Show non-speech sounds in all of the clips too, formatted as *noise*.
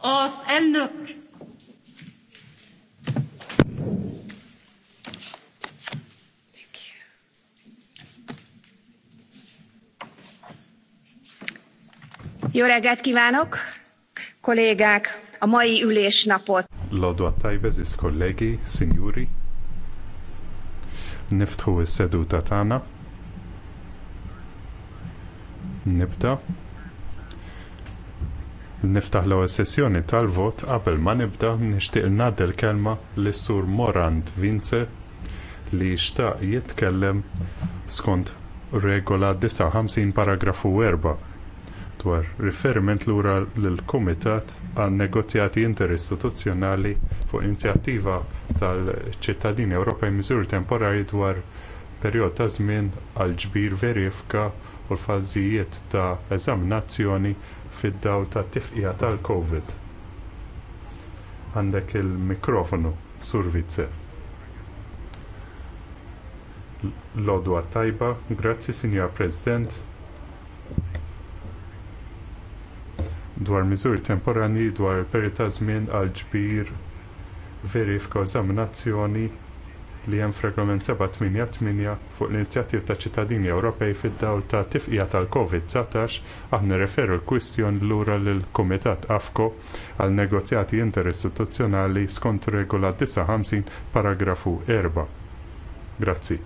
Az elnök Jó reggelt kívánok, kollégák! A mai ülésnapot. a tajbeżis kollégi, sinjuri, niftħu s-seduta tagħna. Nibda niftaħ l ewwel sessjoni tal-vot qabel ma nibda nixtieq ngħaddi kelma lis sur Morant Vince li xtaq jitkellem skont regola 59 paragrafu 4 dwar riferiment lura lill-Kumitat għan negozjati interistituzzjonali fuq inizjattiva tal-ċittadini Ewropej miżuri temporari dwar perjod ta' żmien għal ġbir verifika u l-fażijiet ta' eżaminazzjoni fid-dawl tat tifqija tal-COVID. Għandek il-mikrofonu, Sur Vizzer. tajba, grazzi Sinjor President. Dwar miżuri temporani dwar il-perita żmien għal ġbir verifika eżaminazzjoni li hemm f'Reglament 788 fuq l-inizjattiv ta' ċittadini Ewropej fid-dawl ta' tifqija tal-COVID-19 aħna referu l-kwistjon lura lill kumitat AFCO għal negozjati interistituzzjonali skont regola 59 paragrafu 4. Grazzi.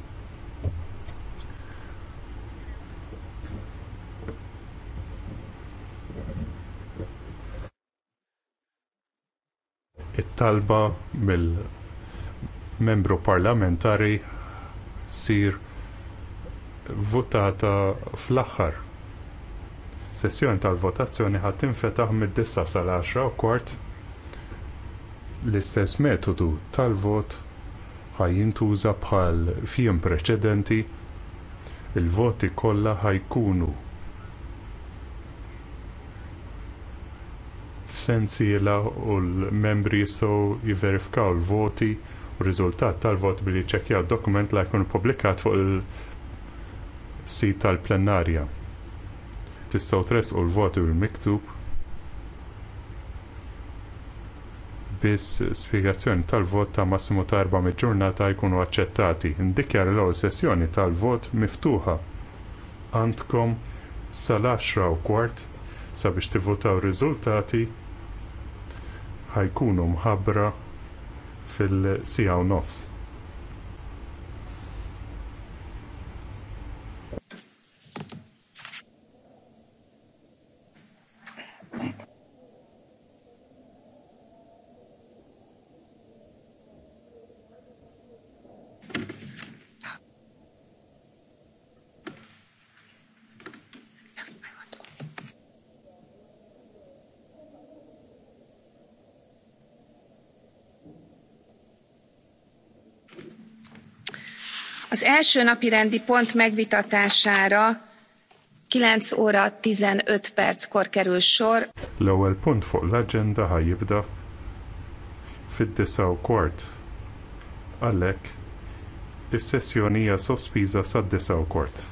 it-talba mill membru parlamentari sir votata fl-aħħar. Sessjoni tal-votazzjoni ħadd tinfetaħ mid-9 sal-10 u kwart l-istess metodu tal-vot jintuża bħal fiem preċedenti il-voti kollha ħajkunu f'sensiela u l-membri jistgħu jiverifikaw il-voti u riżultat tal-vot bil ċekkjaw dokument li jkun publikat fuq il-sit tal-plenarja. Tistgħu tresqu l-voti u l-miktub biss spjegazzjoni tal-vot ta' massimu ta' erba' mid-ġurnata jkunu aċċettati. Indikjar l-ewwel sessjoni tal-vot miftuħa. Għandkom sal-10 u kwart sabiex tivvotaw riżultati ħajkunu mħabbra fil-sija u nofs. Az első napirendi pont megvitatására 9 óra 15 perckor kerül sor. L-ewwel punt fuq l-aġenda jibda fid-9 kwart. Għalhekk is-sessjonija sospiża sad-9 kwart.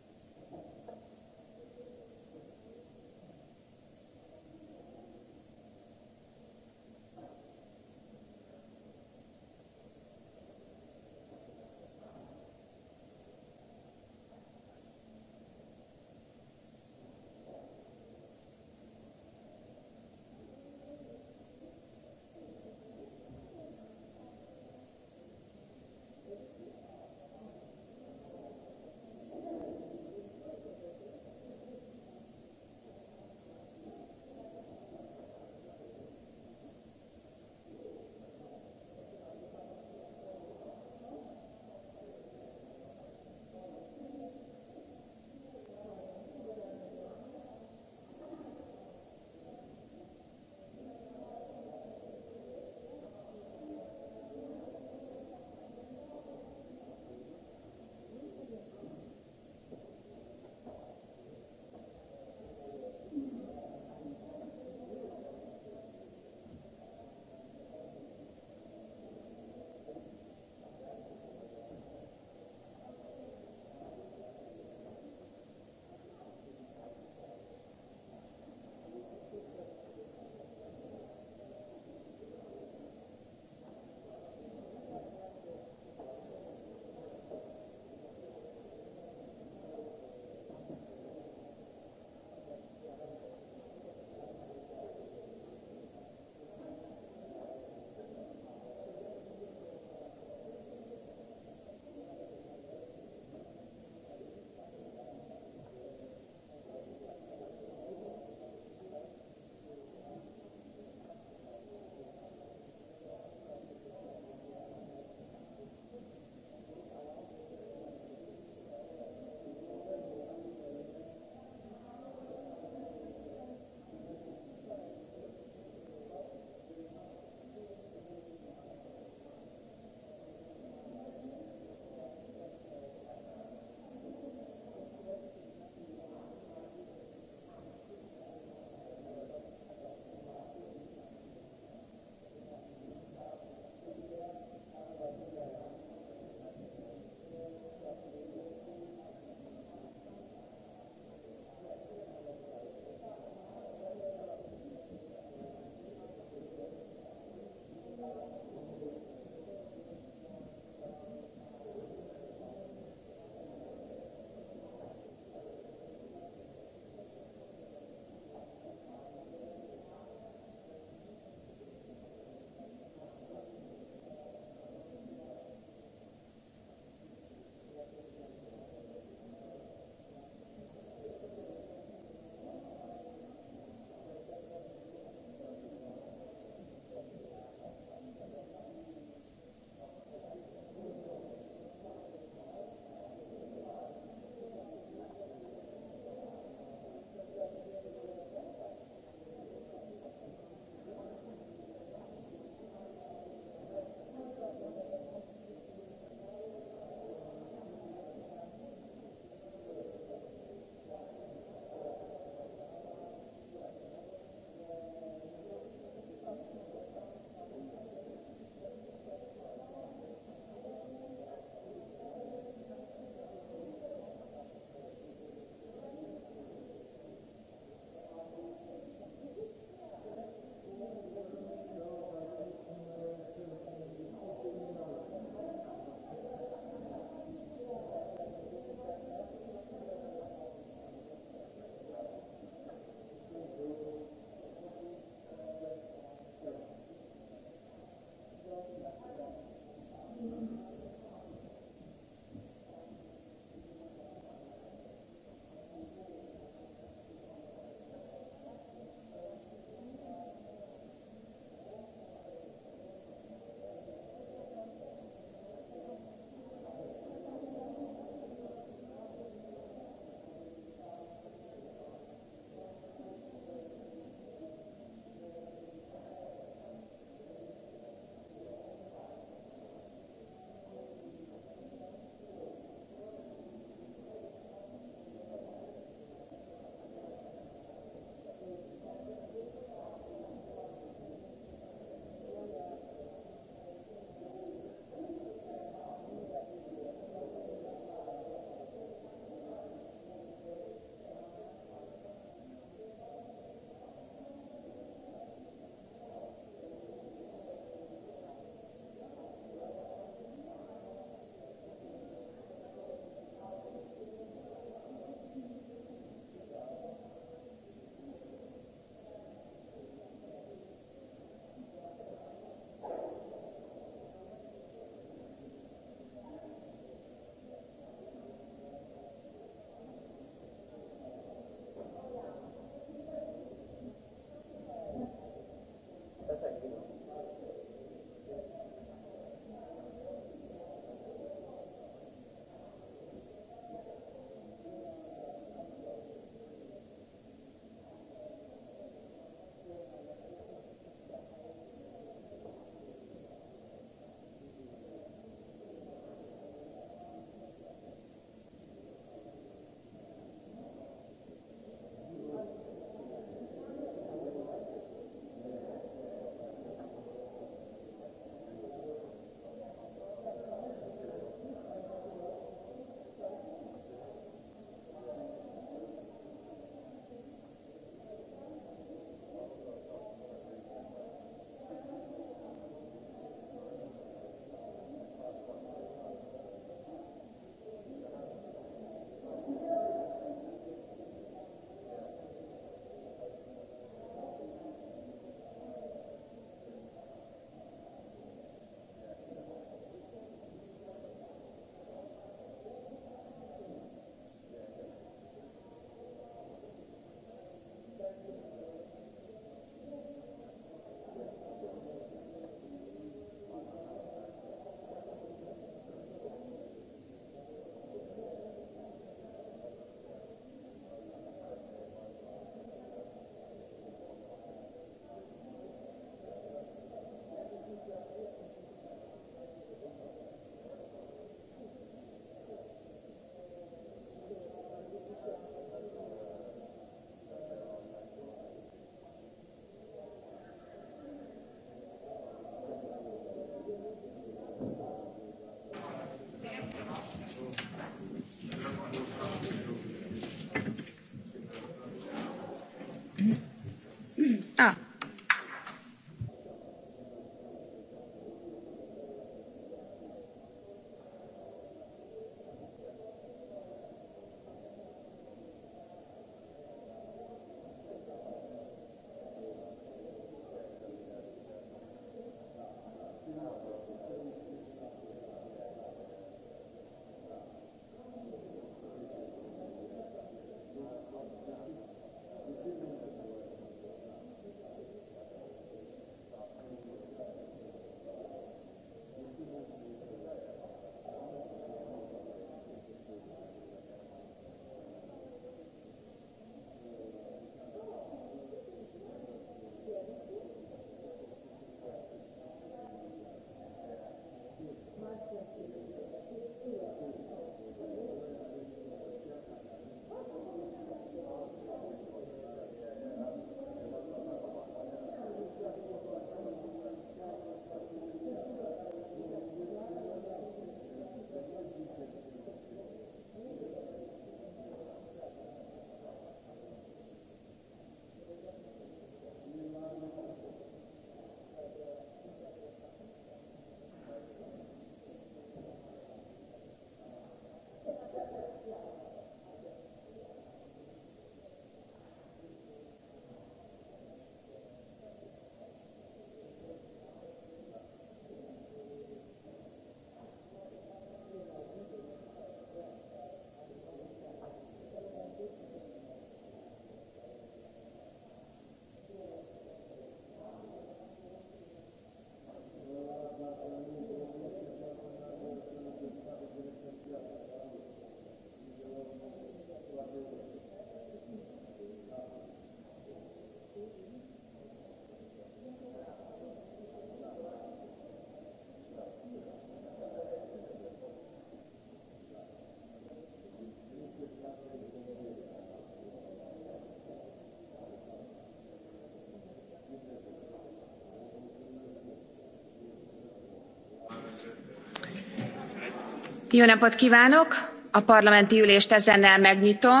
Jó napot kívánok! A parlamenti ülést ezennel megnyitom.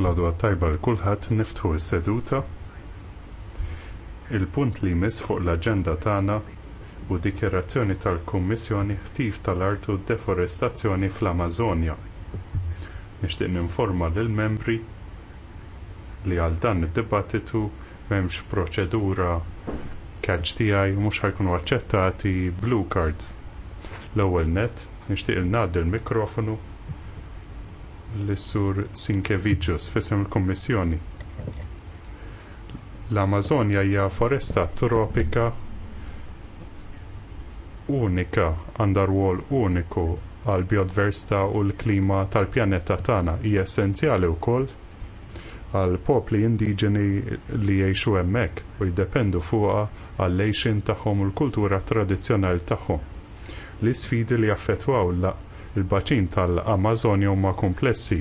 L-għadwa tajba l-kulħat niftħu s-seduta. Il-punt li mis fuq l-agenda tagħna u dikjerazzjoni tal-Kummissjoni ħtif tal-artu deforestazzjoni fl-Amazonja. Nixtieq ninforma lill membri li għal dan id-dibattitu m'hemmx proċedura catch tiegħi u mhux ħajkunu aċċettati blue cards. L-ewwel net nixtieq ngħaddi l-mikrofonu l-Sur Sinkevicius f'isem il-Kummissjoni. L-Amazonja hija foresta tropika unika għandha rwol uniku għall biodiversità u l-klima tal-pjaneta tagħna hija essenzjali wkoll għal popli indiġeni li jgħixu hemmhekk u jiddependu fuqha għal lejxin tagħhom u l-kultura tradizzjonali tagħhom l isfidi li jaffettwaw il-baċin tal-Amazonja huma komplessi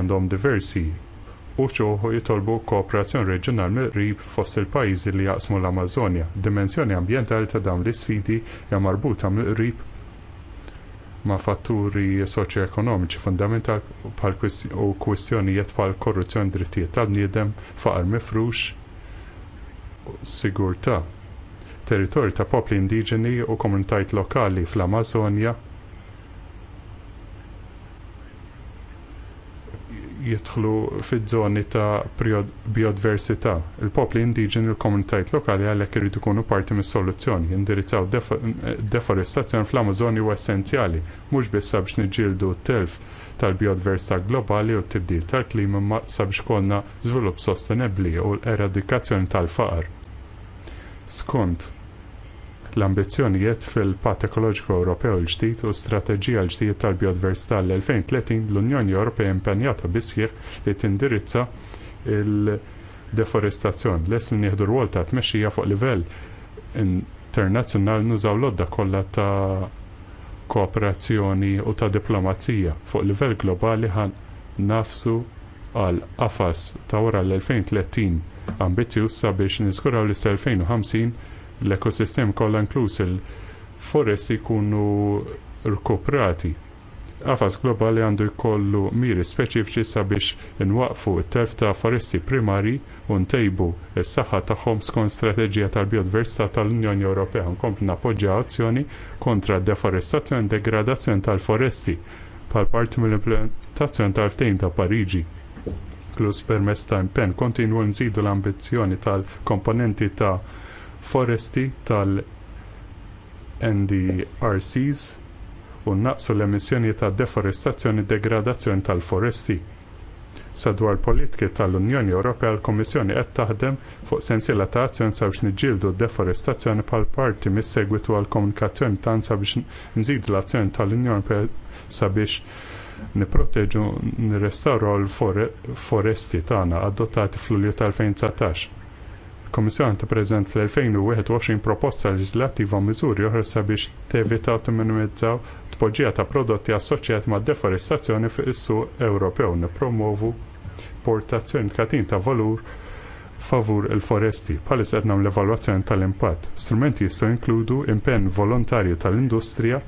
għandhom diversi u xoħu jitolbu kooperazzjoni reġjonali mill-qrib fost il-pajjiżi li jaqsmu l-Amazonja. Dimensjoni ambjentali ta' dawn l-isfidi hija marbuta mill-qrib ma' fatturi soċjoekonomiċi fundamentali u kwistjonijiet bħal korruzzjoni drittijiet tal-bniedem, faqar mifrux, sigurtà territorju ta' popli indiġeni u komunitajiet lokali fl-Amazonja jidħlu fiż-żoni ta' biodiversità. Il-popli indiġeni u l-komunitajiet lokali għalhekk iridu jkunu parti mis-soluzzjoni. Indirizzaw deforestazzjoni fl-Amazonja huwa essenzjali, mhux biss sabiex niġġieldu t-telf tal-biodiversità globali u t-tibdil tal-klima ma sabiex konna żvilupp sostenibbli u l-eradikazzjoni tal-faqar skont l-ambizzjonijiet fil-Patt Ekoloġiku Ewropew il-ġdid u strateġija l-ġdid tal-biodiversità l-2030 l-Unjoni Ewropea impenjata bisħieħ li tindirizza l deforestazzjoni Lest li nieħdu rwol ta' tmexxija fuq livell internazzjonali nużaw lodda kollha ta' kooperazzjoni u ta' diplomazija fuq livell globali ħan nafsu għal qafas ta' wara l-2030 ambizzjuż sabiex niskuraw li sal-2050 l-ekosistem kollha inkluż il-foresti jkunu rkuprati. Qafas globali għandu jkollu miri speċifiċi sabiex inwaqfu t telf ta' foresti primari u ntejbu s saħħa tagħhom skont strateġija tal-biodiversità tal-Unjoni Ewropea nkomplu nappoġġja azzjoni kontra d deforestazzjoni u degradazzjoni tal-foresti bħall parti mill-implementazzjoni tal-ftehim ta' Pariġi inkluż permezz ta' impenn kontinwu nżidu l-ambizzjoni tal-komponenti ta' foresti tal-NDRCs u naqsu l-emissjoni ta' deforestazzjoni e degradazzjoni tal-foresti. Sadwar politiki tal-Unjoni Ewropea l kummissjoni qed taħdem fuq sensiela ta' azzjoni sabiex niġġieldu d-deforestazzjoni bħal parti mis-segwitu għall komunikazzjoni tagħna sabiex nżidu l-azzjoni tal-Unjoni Ewropea sabiex niproteġu nirrestawru l-foresti tagħna adottati fl-Ulju tal-2019. Il-Komissjoni tippreżent fl-2021 proposta leġislattiva miżuri oħra sabiex tevitaw u minimizzaw tpoġġija ta' prodotti assoċjat mad deforestazzjoni fuq is-suq Ewropew nippromovu portazzjoni tkatin ta' valur favur il-foresti bħalissa qed nagħmlu evalwazzjoni tal-impatt. Strumenti jistgħu jinkludu impenn volontarju tal-industrija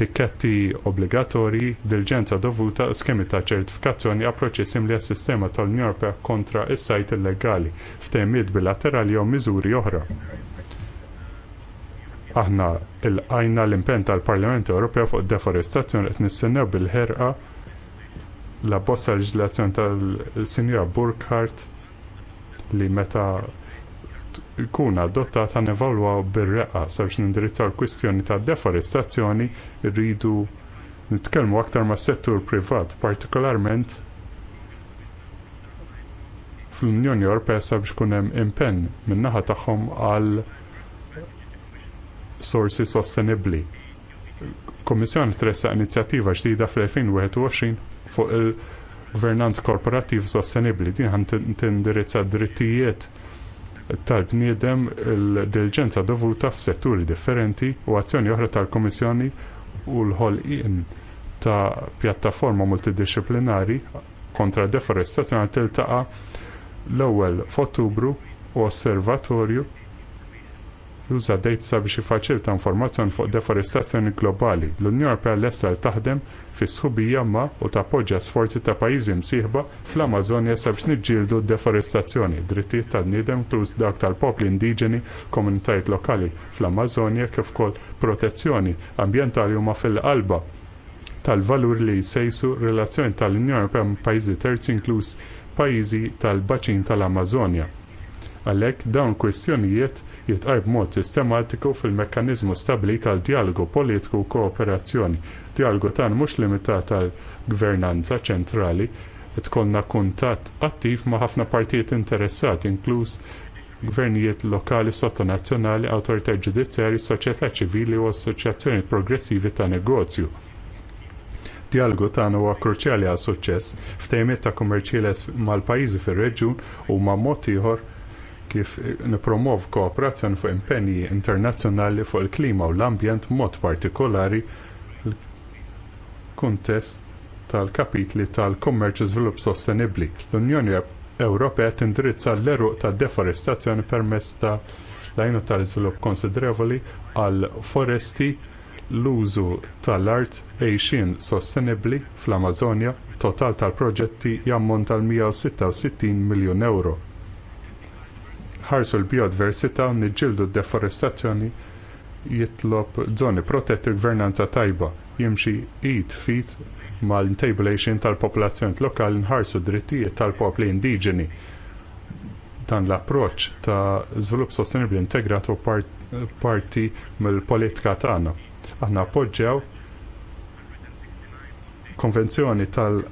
tikketti obbligatorji, dilġenza dovuta u skemi ta' ċertifikazzjoni approċċi simli għas-sistema tal-Unjoni Ewropea kontra s sajt illegali f'temijiet bilaterali jew miżuri oħra. Aħna il l-impen tal-Parlament Ewropew fuq deforestazzjoni qed nistennew bil-ħerqa la bossa leġislazzjoni tal-Sinjora Burkhardt li meta ikun adottata nevalwaw bir-reqqa sabiex nindirizzaw l-kwistjoni ta' deforestazzjoni rridu nitkellmu aktar mas settur privat, partikolarment fl-Unjoni Ewropea sabiex kun hemm impenn min-naħa tagħhom għal sorsi sostenibbli. Kommissjoni tressaq inizjattiva ġdida fl-2021 fuq il-Gvernanz Korporattiv Sostenibbli din ħan tindirizza drittijiet tal-bniedem il-diligenza dovuta f'setturi differenti u azzjoni oħra tal-Komissjoni u l-ħolqien ta' pjattaforma multidisciplinari kontra d deforestazzjoni tiltaqa l-ewwel f'Ottubru u osservatorju juża dejtsa biex jifaċilta informazzjoni fuq deforestazzjoni globali. L-Unjoni Ewropea lesta li taħdem fis sħubija ma u tappoġġja sforzi ta' pajjiżi msieħba fl-Amazonja sabiex niġġieldu d deforestazzjoni, drittijiet tal-bniedem tuż dak tal-popli indiġeni, komunitajiet lokali fl-Amazonja kif ukoll protezzjoni ambjentali huma fil-qalba tal-valur li jsejsu relazzjoni tal-Unjoni Ewropea pajjiżi terzi inkluż pajjiżi tal-baċin tal-Amazonja. Għalhekk dawn kwistjonijiet jitqarb mod sistematiku fil-mekkaniżmu stabbilit tal dialogu politiku u kooperazzjoni. Dialogu tan mhux limitat għall gvernanza ċentrali, tkollna kuntatt attiv ma' ħafna partijiet interessati, inkluż gvernijiet lokali sottonazzjonali, awtoritajiet ġudizzjarji, soċjetà ċivili u assoċjazzjoni progressivi ta' negozju. Dialogu tagħna huwa kruċjali għas suċċess f'tejmiet ta' kummerċiles mal-pajjiżi fir-reġjun u ma' mod ieħor kif nipromov kooperazzjoni fuq impenji internazzjonali fuq il-klima u l-ambjent mod partikolari l-kuntest tal-kapitli tal-kummerċ iżvilupp sostenibbli. L-Unjoni Ewropea tindirizza l-eruq ta' deforestazzjoni permezz ta' lajnu tal-iżvilupp konsidrevoli għal foresti l-użu tal-art għejxin sostenibbli fl-Amazonja total tal-proġetti jammont tal-166 miljun euro. Ħarsu l-biodiversità u niġġieldu d-deforestazzjoni jitlob żoni protetti gvernanza tajba jimxi id fit mal-intabulation tal-popolazzjoni lokali nħarsu drittijiet tal-popli indiġeni. Dan l approċċ ta' żvilupp sostenibbli integrat u parti mill-politika tagħna. Aħna appoġġjaw konvenzjoni tal-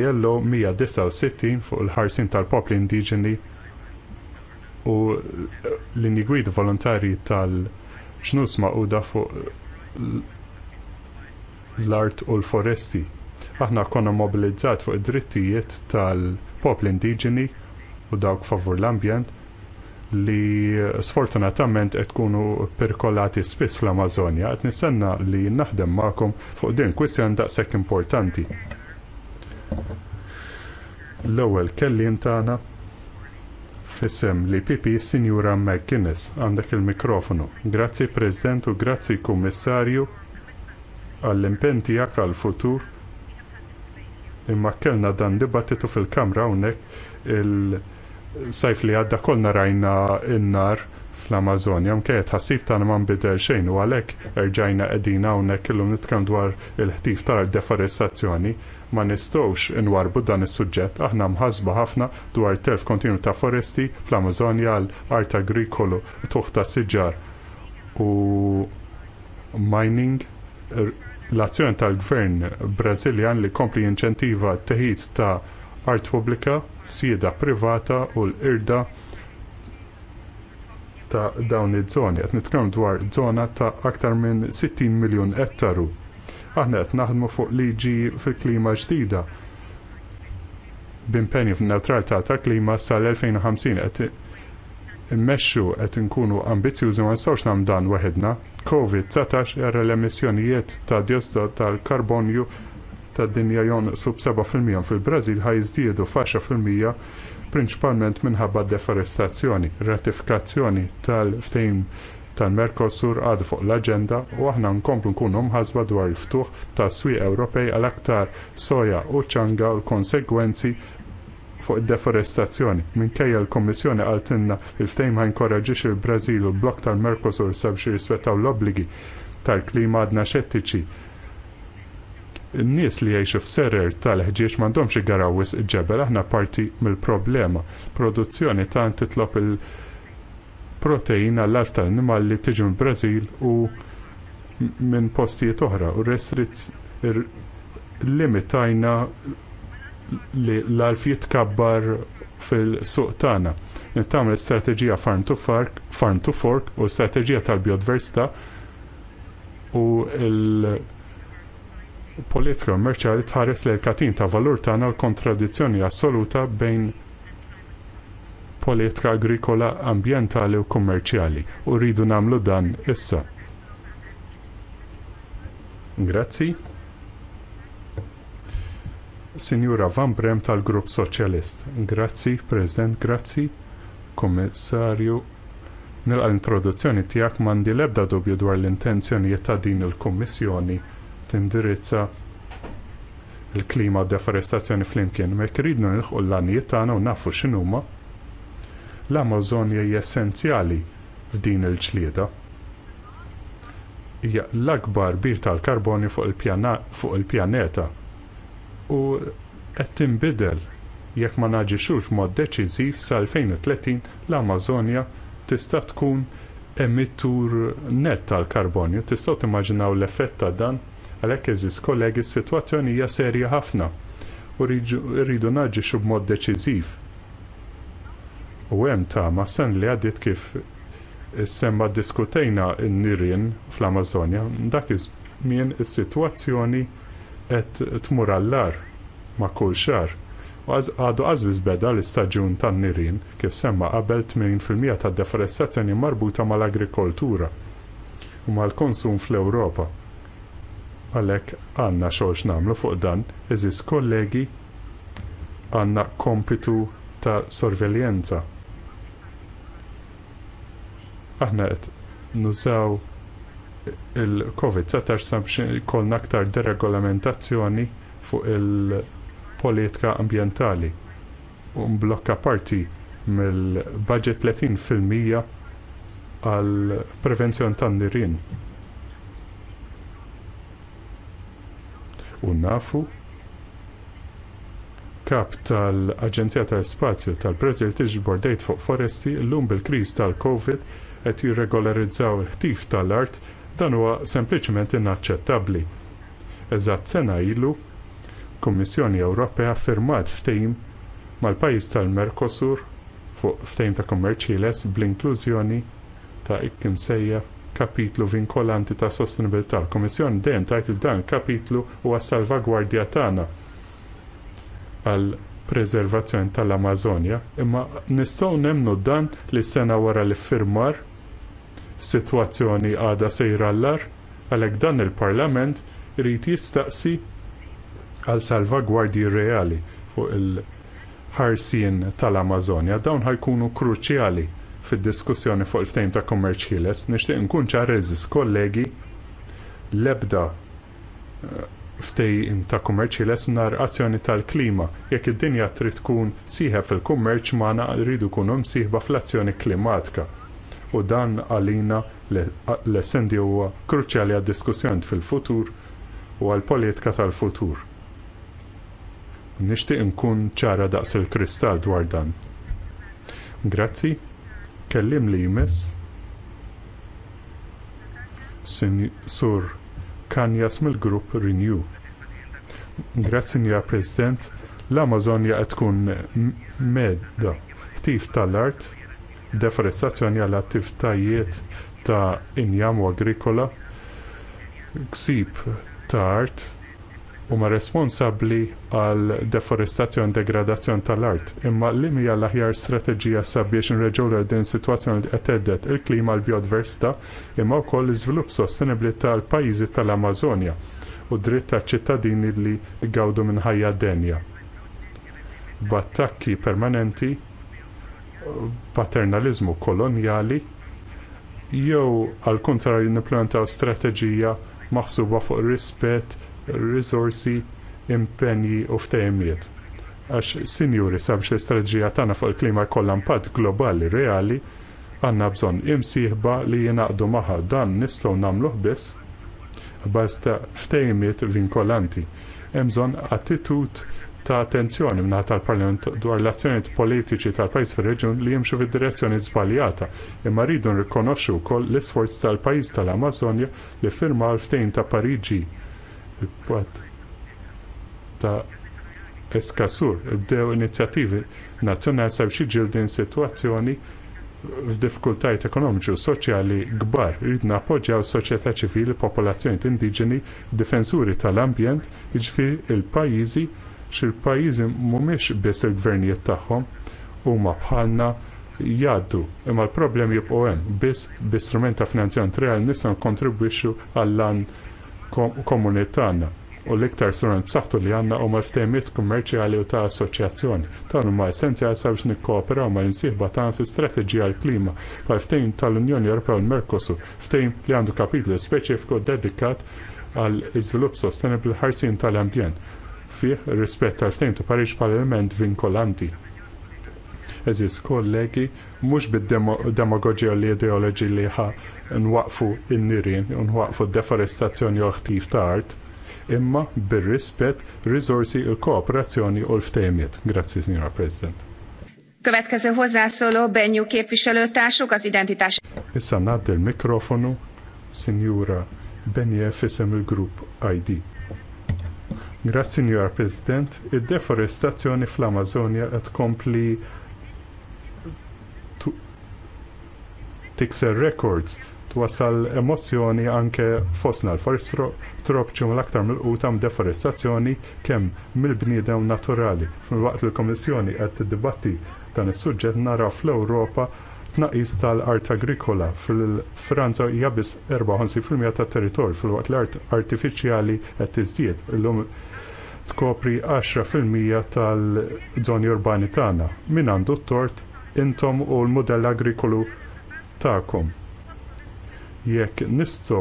ILO 169 fuq il ħarsien tal-popli indiġeni u l-inni gwida volontari tal-ġnus maquda fuq l-art u l-foresti. Aħna konna mobilizzat fuq id-drittijiet tal popli indiġeni u dawk favur l-ambjent li sfortunatament qed tkunu perkolati spiss fl-Amazonja, qed nistenna li naħdem magħkom fuq din kwistjon daqshekk importanti. L-ewwel kelliem tagħna fissem li pipi Sinjura McGuinness għandek il-mikrofonu. Grazzi President u grazzi Kummissarju għall-impen tiegħek għall-futur imma kellna dan dibattitu fil-kamra hawnhekk il-sajf li għadda kollha rajna n-nar fl-Amazonja, mke tħassib ta' ma nbidel xejn u għalhekk erġajna qegħdin hawnhekk illum nitkellem dwar il-ħtif tal-deforestazzjoni ma nistgħux inwarbu dan is-suġġett aħna mħasba ħafna dwar telf kontinu ta' foresti fl-Amazonja għal art agrikolu tuħ ta' siġar u mining l azzjon tal-gvern Brażiljan li kompli jinċentiva t teħid ta' art pubblika, sieda privata u l-irda ta' dawn iż-żoni. Qed nitkellmu dwar żona ta' aktar minn 60 miljun ettaru. Aħna qed naħdmu fuq liġi fil-klima ġdida b'impenju f'neutralità tal klima sal-2050 qed immexxu qed inkunu ambizjużi ma nistgħux nagħmlu dan waħedna. COVID-19 era l-emissjonijiet ta' dioxide tal-karbonju tad-dinja jonqsu b'7% fil-Brażil fil-mija prinċipalment minħabba d deforestazzjoni. Ratifikazzjoni tal-ftehim tal-Mercosur għadu fuq l aġenda u aħna nkomplu nkunu mħasba dwar il-ftuħ ta' swieq Ewropej għal aktar soja u ċanga u l-konsegwenzi fuq id deforestazzjoni. Minkejja l kummissjoni għaltinna il-ftejm ħajnkoraġix il-Brażil u l-blok tal-Mercosur sabx jirrispettaw l obbligi tal-klima għadna xettiċi n-nies li jgħixu f'serer tal-ħġieġ m'għandhomx igaraw wisq ġebel aħna parti mill-problema. Produzzjoni ta' titlob il-proteina l-alf tal-animal li tiġi mill brażil u minn postijiet oħra u restritz limitajna li l-alf jitkabbar fil-suq tagħna. Nittamel strateġija farm to fork, farm to fork u strateġija tal-biodiversità u politika kommerċjali tħares li l-katin ta' valur tagħna l-kontradizzjoni assoluta bejn politika agrikola ambjentali u kummerċjali u rridu nagħmlu dan issa. Grazzi. Sinjura Van Brem tal-Grupp Soċjalist. Grazzi, President, grazzi, Kommissarju. Nilqa l-introduzzjoni tiegħek m'għandi l-ebda dubju dwar l-intenzjonijiet ta' din il-Kummissjoni tindirizza il-klima u deforestazzjoni flimkien. Mek ridnu nilħu l-lanijiet tagħna u nafu x'inhuma. L-Amazonja hija essenzjali f'din il-ġlieda. Hija l-akbar bir tal-karbonju fuq il-pjaneta u qed tinbidel jekk ma naġixux mod deċiżiv sa' 2030 l-Amazonja tista' tkun emittur net tal-karbonju. Tistgħu timmaġinaw l-effett ta' dan Għalhekk eżis kollegi s-sitwazzjoni hija serja ħafna u rridu naġixu b'mod deċiżiv. U hemm tama sen li għaddiet kif semma ddiskutejna n-nirien fl-Amazonja, dak iż-żmien is-sitwazzjoni qed tmur allar ma' kull xahar għadu għazviz beda l-istagġun tan nirien kif semma qabel fil-mija tad deforestazzjoni marbuta mal-agrikoltura u mal-konsum fl ewropa Għalhekk għandna xogħol nagħmlu fuq dan, eżis kollegi għandna kompitu ta' sorveljenza. Aħna qed nużaw il-COVID-19 sabx kolna aktar deregolamentazzjoni fuq il-politika ambjentali u mblokka parti mill-budget 30% għall prevenzjoni tan nirien u nafu kap tal-Aġenzija tal-Spazju tal-Brazil tiġbor dejt fuq foresti llum bil kriż tal-Covid qed jirregolarizzaw il-ħtif tal-art dan huwa sempliċement inaċċettabbli. Eżatt sena ilu, Kummissjoni Ewropea firmat ftehim mal-pajjiż tal-Merkosur fuq ftehim ta' kummerċiles bl-inklużjoni ta' ikkim sejja kapitlu vinkolanti ta' sostenibilità. l kummissjoni dejjem tajt li dan kapitlu huwa salvagwardja tagħna għal preservazzjoni tal-Amazonja, imma nistgħu nemnu dan li sena wara li firmar sitwazzjoni għadha sejra allar għalhekk dan il-Parlament irid jistaqsi għal salvagwardji reali fuq il ħarsien tal-Amazonja. Dawn ħajkunu kruċjali fid-diskussjoni fuq il-ftejm ta' kummerċ ħieles, nixtieq nkun ċar eżis kollegi l-ebda eh, ftejim ta' kummerċ ħieles nar azzjoni tal-klima. Jekk id-dinja trid tkun sieħeb fil-kummerċ magħna rridu jkunu msieħba fl-azzjoni klimatika. U dan għalina l-essendi huwa kruċjali għad-diskussjoni fil-futur u għal-politika tal-futur. Nixtieq nkun ċara daqs il-kristall dwar dan. Grazzi. Kellim li jmiss. Sur Kanjas mill-grupp Renew. Grazzi nja President, l-Amazonja qed tkun medda ftif tal-art, deforestazzjoni għal attivitajiet ta' injam u agrikola, ksib ta' art, huma responsabbli għal deforestazzjoni degradazzjoni tal-art. Imma li hija l-aħjar strateġija sabiex nreġgħu din sitwazzjoni li qed tedet il-klima l-biodiversità imma wkoll l-iżvilupp sostenibbli tal-pajjiżi tal-Amazonja u dritt taċ ċittadini li gawdu minn ħajja denja. B'attakki permanenti, paternaliżmu kolonjali, jew għall kontrarju nipplantaw strateġija maħsuba fuq rispett risorsi, impenji u ftehimiet. Għax, sinjuri, sabiex l-istraġija tagħna fuq il-klima kollha impatt globali reali, għandna bżonn imsieħba li jingħaqdu magħha dan nistgħu nagħmluh biss b'baż ta' ftehimiet vinkolanti. Hemm bżonn attitut ta' attenzjoni minna tal-Parlament dwar l-azzjonijiet politiċi tal-pajis fir-reġjun li jimxu fid-direzzjoni żbaljata, imma rridu nirrikonoxxu wkoll l-isforz tal-pajis tal-Amazonja li firma l-ftehim ta' Pariġi il-pat ta' eskasur, bdew inizjattivi nazzjonali sew xi din sitwazzjoni f'diffikultajiet ekonomiċi u soċjali kbar jrid nappoġġjaw soċjetà ċivili, popolazzjoni indiġeni, difensuri tal-ambjent, jiġifieri il-pajjiżi xil pajjiżi mhumiex biss il-gvernijiet tagħhom huma bħalna jgħaddu imma l-problemi jibqgħu hemm biss bi strumenta ta' finanzjament reali nistgħu nkontribwixxu għall għan komuni tagħna u l-iktar suran b'saħħtu li għandna huma l-ftehmiet kummerċjali u ta' assoċjazzjoni. Dawn huma essenzjali sabiex nikkooperaw mal imsieħba tagħna fi istrateġija l klima bħal ftehim tal-Unjoni Ewropea u l-Merkosu, ftehim li għandu kapitlu speċifiku dedikat għal iżvilupp sostenibli ħarsin tal-ambjent fih rispett tal ftehim ta' Pariġ bħal element vinkolanti eżis kollegi, mhux bid-demagogija u l-ideoloġi li ħa nwaqfu in nirien nwaqfu deforestazzjoni u ħtif ta' art, imma bir-rispett, risorsi, il-kooperazzjoni u l-ftehmiet. Grazzi, Signora President. Következő hozzászóló Benyú képviselőtársuk az identitás. Issa naddi l-mikrofonu, Signora Benje fissem il-grupp ID. Grazzi, signor President. Id-deforestazzjoni fl-Amazonja qed kompli tikser records twassal emozzjoni anke fosna l-forest tropċu l-aktar mill-quta deforestazzjoni kemm mill-bniedem naturali. Fil-waqt li l-Komissjoni qed tiddibatti dan is-suġġett nara fl-Ewropa tnaqqis tal-art agrikola fil-Franza hija biss 54% tat-territorju fil-waqt l-art artifiċjali qed tiżdied illum tkopri 10% tal-żoni urbani tagħna. Min għandu t-tort intom u l-modell agrikolu tagħkom. Jekk nistgħu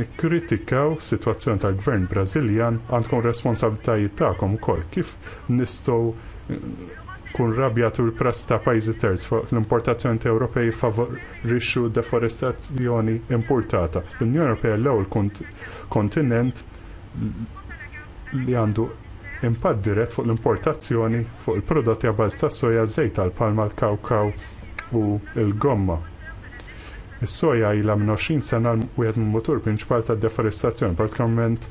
nikkritikaw sitwazzjoni tal-Gvern Brażiljan għandkom responsabbiltajiet tagħkom ukoll kif nistgħu kun rabjatu l prass ta' pajjiżi terz fuq l-importazzjoni ta' Ewropej favorixxu deforestazzjoni importata. L-Unjoni Ewropea l-ewwel kontinent li għandu impatt dirett fuq l-importazzjoni fuq il-prodotti għabbaż ta' soja, żejt tal-palma, l-kawkaw, u l-gomma. Is-soja ilha minn 20 sena wieħed mill-motur prinċipal tad-deforestazzjoni, partikolarment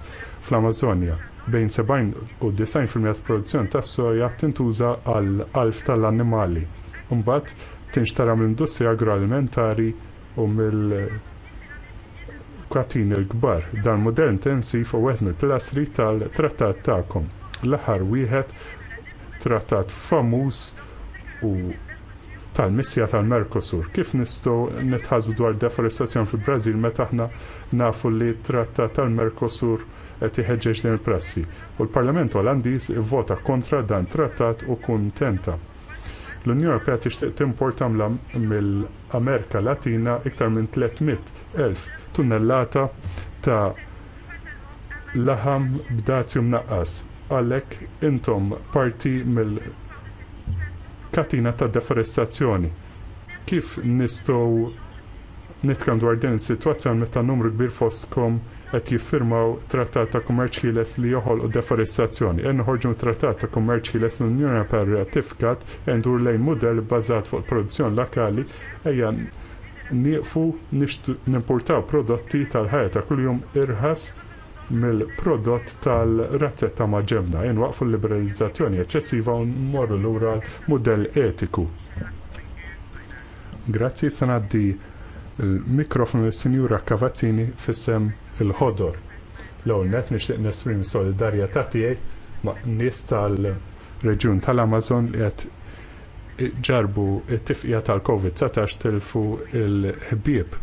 fl-Amazonja. Bejn 70 u 90% tal-produzzjoni tas-soja tintuża għal alf tal-annimali. Mbagħad tinxtara mill-industrija agroalimentari u mill katin il-kbar. Dan mudell intensiv u wieħed mill-pilastri tal-trattat tagħkom. L-aħħar wieħed trattat famuż u tal-missija tal-Merkosur. Kif nistgħu nitħasbu dwar deforestazzjoni fil-Brażil meta aħna nafu li t trattat tal-Merkosur qed iħeġġeġ lejn il-prassi. U l-Parlament Olandiż ivvota kontra dan trattat u kuntenta. L-Unjoni Ewropea tixtieq timporta mill-Amerika Latina iktar minn 300,000 tunnellata ta' laħam b'dazzju mnaqqas għalhekk intom parti mill katina ta' deforestazzjoni. Kif nistgħu nitkam dwar din is-sitwazzjoni meta numru kbir fostkom qed jiffirmaw trattat ta' kummerċ ħieles li joħolqu deforestazzjoni. Qed noħorġu trattat ta' kummerċ ħieles l-Unjoni Ewropea ratifikat endur lejn mudell bbażat fuq produzzjoni lokali ejja nieqfu nimportaw prodotti tal-ħajja ta' kuljum irħas mill-prodott tal-razzetta maġemna, jenwaqfu l-liberalizzazzjoni eċċessiva u morru lura l-modell etiku. Grazzi sanaddi il-mikrofon il-Sinjura Kavazzini fissem il-ħodor. L-għol net nishtiq nesprim solidarjetà tiegħi ma' nies tal-reġjun tal-Amazon li qed ġarbu t tifqija tal-Covid-19 tilfu il-ħbieb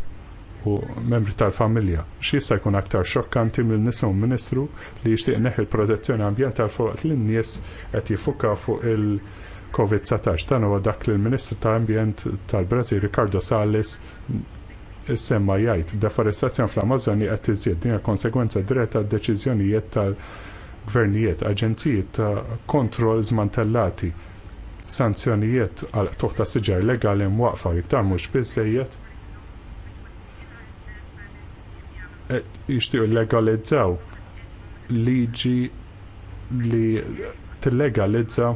u membri tal-familja. X'jista' jkun aktar xokkanti mill u ministru li jixtieq neħi l-protezzjoni ambjental fuq l-nies qed jifuka fuq il-COVID-19. Dan huwa dak li l-Ministru tal-Ambjent tal-Brażil Ricardo Salles semma jgħid deforestazzjoni fl-Amazzoni qed tiżjed dinja konsegwenza diretta d-deċiżjonijiet tal-gvernijiet, aġenzijiet ta' kontroll zmantellati, sanzjonijiet għal toħta siġar legali mwaqfa iktar mhux biżżejjed jishtiq legalizzaw liġi li tillegalizza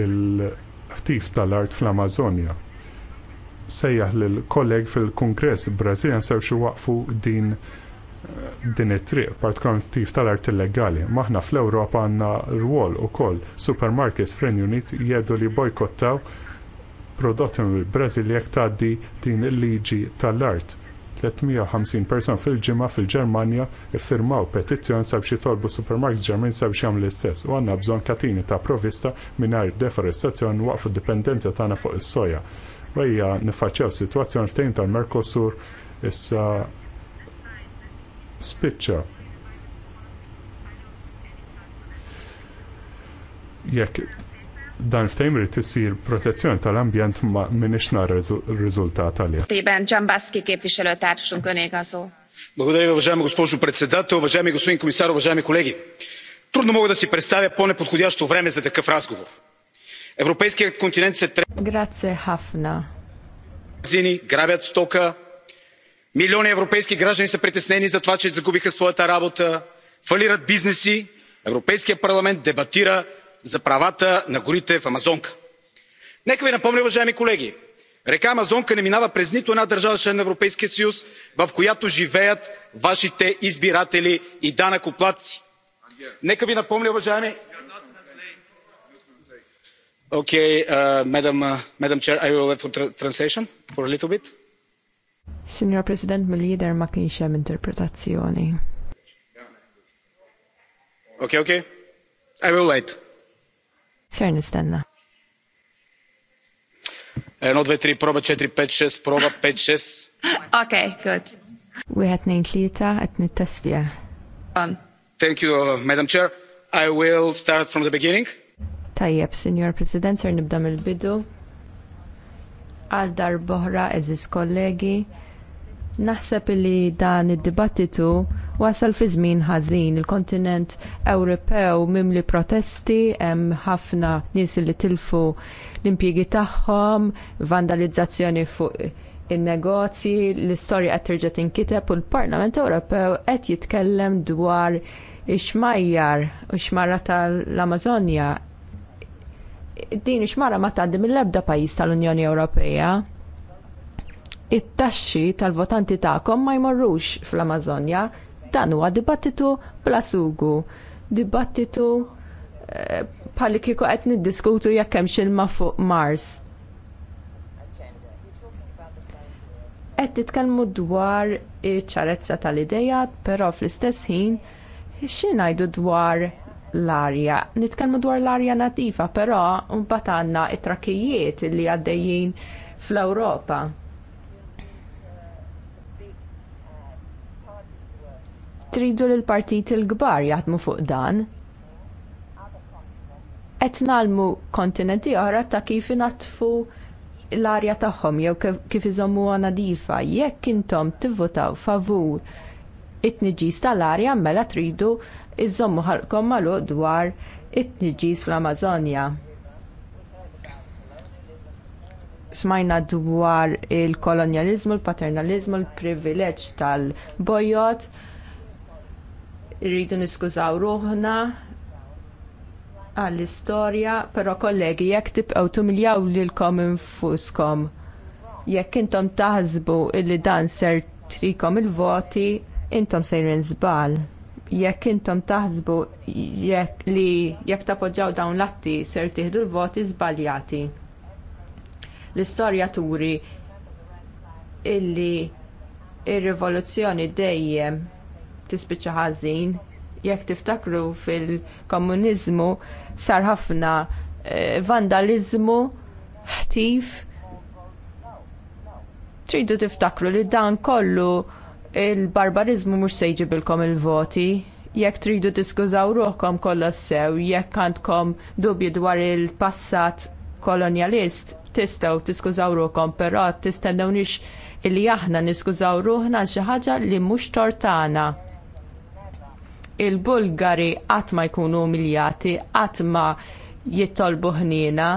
il-ħtif tal-art fl-Amazonja. Sejjaħ l kolleg fil-Kongress Brazilian sew xi waqfu din eh, din it-triq partikolattiv tal-art illegali. Maħna fl-Ewropa għandna rwol ukoll supermarkets fl-Renju Unit jgħidu li bojkottaw prodotti mill brażil jekk tgħaddi din il-liġi tal-art. 350 person fil ġimma fil-Ġermanja iffirmaw petizzjon sabx jitolbu supermarkets Ġermin sabx jagħmlu l-istess u għandna bżonn katini ta' provvista mingħajr deforestazzjoni waqfu dipendenza tagħna fuq is-soja. U hija nifaċċew sitwazzjoni ftehim tal mercosur issa spiċċa jekk dan ftejm irid isir protezzjoni tal-ambjent ma minix nar riżultat għalih. Tiben Ġambaski képviselőtársunk önék a szó. Благодаря, уважаема госпожо председател, уважаеми господин комисар, уважаеми колеги. Трудно мога да си представя по-неподходящо време за такъв разговор. Европейският континент се трябва... Грация Хафна. Зини, грабят стока. Милиони европейски граждани са притеснени за това, че загубиха своята работа, фалират бизнеси. Европейският парламент дебатира за правата на горите в амазонка. нека ви напомня уважаеми колеги река амазонка не минава през нито една държава член на европейския съюз в която живеят вашите избиратели и данъкоплатци. нека ви напомня уважаеми uh, uh, I will for translation for a little bit. Signor lider ma interpretazzjoni. Okay, okay. I will wait. Ser nistenna. Not Nod vetri proba ċetri peċċes, proba peċċes. *laughs* Ok, good. We had nejn tlieta qed nittestja. Um, Thank you, uh, Madam Chair. I will start from the beginning. Tajjeb, Signor President, ser nibda mill-bidu. Għal dar boħra, eżis kollegi, Naħseb li dan id-dibattitu wasal fi żmien ħażin. Il-kontinent Ewropew mimli protesti, hemm ħafna nies li tilfu l-impjiegi tagħhom, vandalizzazzjoni fuq in-negozji, l-istorja qed terġa' tinkiteb u l-Parlament Ewropew qed jitkellem dwar ix-xmajjar u xmara tal-Amazonja. Din ix-xmara ma tgħaddi mill-ebda pajjiż tal-Unjoni Ewropea it-taxxi tal-votanti tagħkom ma jmorrux fl-Amazonja. Dan huwa dibattitu bla sugu. Dibattitu eh, bħal kieku qed niddiskutu jekk hemmx ilma fuq Mars. Qed titkellmu dwar iċ-ċarezza tal-idejat, però fl-istess ħin xi ngħidu dwar l-arja. Nitkellmu dwar l-arja nativa, però mbagħad għandna t trakkijiet li għaddejjin fl-Ewropa. tridu l partit il-kbar jaħdmu fuq dan. Qed nalmu kontinenti oħra ta' kif inatfu l-arja tagħhom jew kif iżommuha nadifa jekk intom tivvotaw favur it-tniġis tal-arja mela tridu iżommu ħalkom magħluq dwar it-tniġis fl-Amazonja. Smajna dwar il-kolonjaliżmu, il-paternaliżmu, il-privileġġ tal-bojot, irridu niskużaw ruħna għall-istorja, però kollegi, jekk tibqgħu tumiljaw lilkom infuskom, jekk intom taħsbu illi dan ser trikom il-voti, intom sejrin żball. Jekk intom taħsbu jekk li jekk tapoġġaw dawn l-atti ser tieħdu l-voti żbaljati. L-istorja turi illi ir-rivoluzzjoni dejjem tispiċċa ħażin. Jekk tiftakru fil-komuniżmu sar ħafna eh, vandaliżmu, ħtif. Tridu tiftakru li dan kollu il-barbarizmu mhux se jġibilkom il-voti jekk tridu tiskużaw ruħkom kollha sew, jekk għandkom dubju dwar il-passat kolonjalist, tistgħu tiskużaw ruħkom, però tistennewniex illi aħna niskużaw ruħna xi ħaġa li mhux tortana il-Bulgari qatt ma jkunu umiljati, qatt ma jittolbu ħnina,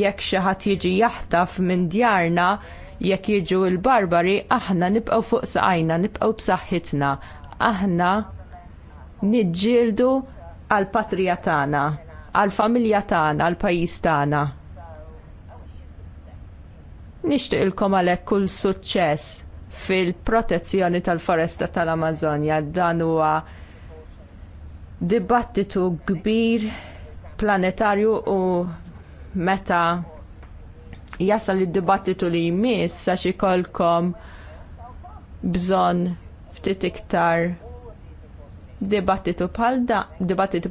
jekk xi ħadd jiġi jaħtaf minn djarna, jekk jiġu l-barbari, aħna nibqgħu fuq saqajna, nibqgħu b'saħħitna. Aħna niġġieldu għall patrija tagħna, għall familja tagħna, għall pajjiż tagħna. Nixtieqilkom għalhekk kull suċċess fil-protezzjoni tal-foresta tal-Amazonja dan huwa dibattitu kbir planetarju u meta jasal id-dibattitu li jmiss sax ikolkom bżonn ftit iktar dibattitu